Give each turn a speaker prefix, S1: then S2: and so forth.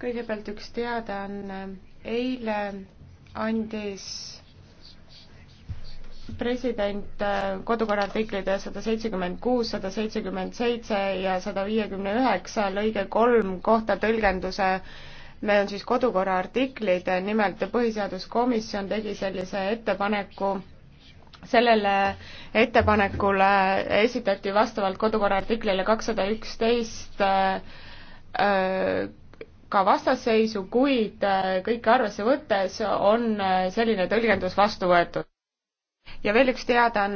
S1: kõigepealt
S2: üks teadaanne. eile andis president äh, kodukorra artiklite sada seitsekümmend kuus, sada seitsekümmend seitse ja sada viiekümne üheksa lõige kolm kohta tõlgenduse Need on siis kodukorra artiklid, nimelt põhiseaduskomisjon tegi sellise ettepaneku sellele ettepanekule esitati vastavalt kodukorra artiklile kakssada üksteist äh, äh, ka vastasseisu, kuid äh, kõike arvesse võttes on äh, selline tõlgendus vastu võetud.
S3: ja veel üks teadaanne.